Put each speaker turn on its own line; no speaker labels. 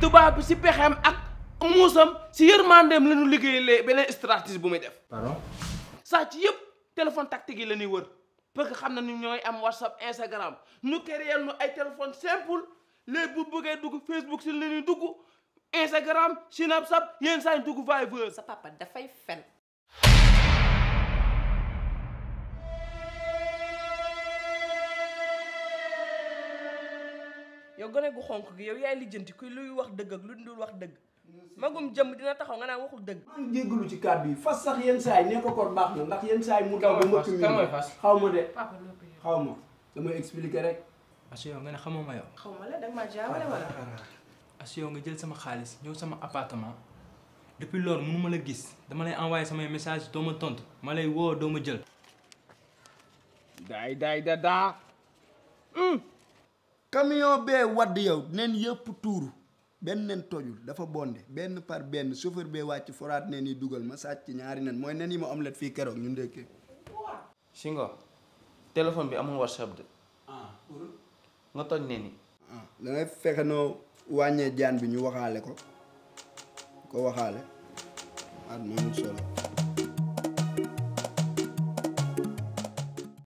tubaab bi si pexeem ak muusam si yërmandeem la ñu liggéeyee beneen stratégie bu muy def. pardon. sàcc yëpp téléphone tactique yi la ñuy wër parce que xam na ni ñooy am whatsapp instagram ñu créé ñu ay téléphone simple léegi bu bëggee dugg facebook si la ñuy dugg instagram snapchat yenn saa ñu dugg Viber. sa papa dafay fen. yow gone gu xonq gi yow yaay lijjanti kuy luy wax dëgg ak lu dul wax dëgg magum jëm dina taxaw nga naan waxul dëgg. maa ngi jéggalu ci kàddu
fas sax yenn saa yi nee ko kor baax na ndax yenn saa yi mu daw ba xaw ma de ma
damay rek parce que yow nga ne xamoo ma
xaw ma la danga
nga jël sama xaalis ñëw sama appartement depuis lool mënu ma la gis dama lay envoyé samay message doo ma tontu ma lay woo dooma jël daay daay da daa hmm.
camion bee wadd yow nen yëpp tuuru benn nen tojul dafa bonde benn par benn chauffeur bee wàcc foraat nen yi dugal ma sàcc ñaari nen mooy nen yi ma omelette fii keroog ñu ndekkee
Singo téléphone bi
amul WhatsApp de ah, nga toj nen yi ah, da fexe noo wàññee jaan bi ñu waxaale ko ko waxaale at ah, moomul solo